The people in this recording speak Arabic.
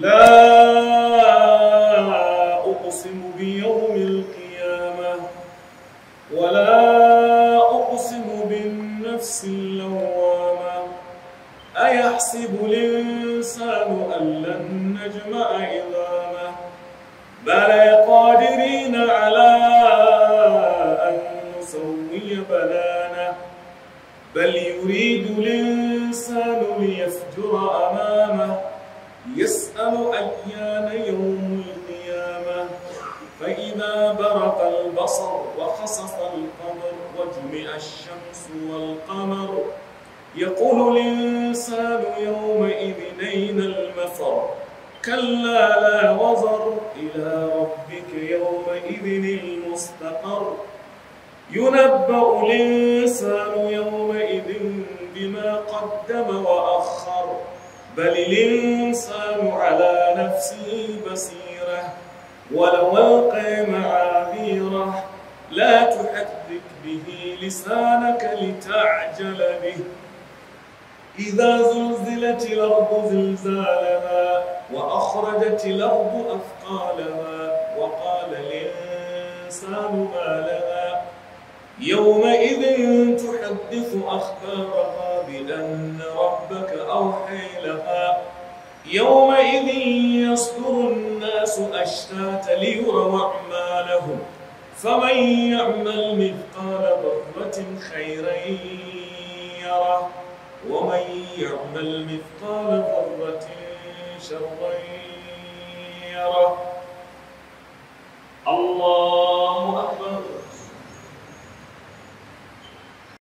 لا أقسم بيوم القيامة ولا أقسم بالنفس اللوامة أيحسب الإنسان أن لن نجمع عظامه بل قادرين على أن نسوي بنانه بل يريد الإنسان ليفجر يسأل أيان يوم القيامة فإذا برق البصر وخسف القمر وجمع الشمس والقمر يقول الإنسان يومئذ أين المفر كلا لا وزر إلى ربك يومئذ المستقر ينبأ الإنسان بل الإنسان على نفسه بصيرة ولو ألقى معاذيره لا تحدث به لسانك لتعجل به إذا زلزلت الأرض زلزالها وأخرجت الأرض أثقالها وقال الإنسان ما لها يومئذ تحدث أخبارها يومئذ يصدر الناس أشتاتا ليروا أعمالهم فمن يعمل مثقال ذرة خيرا يره ومن يعمل مثقال ذرة شرا يره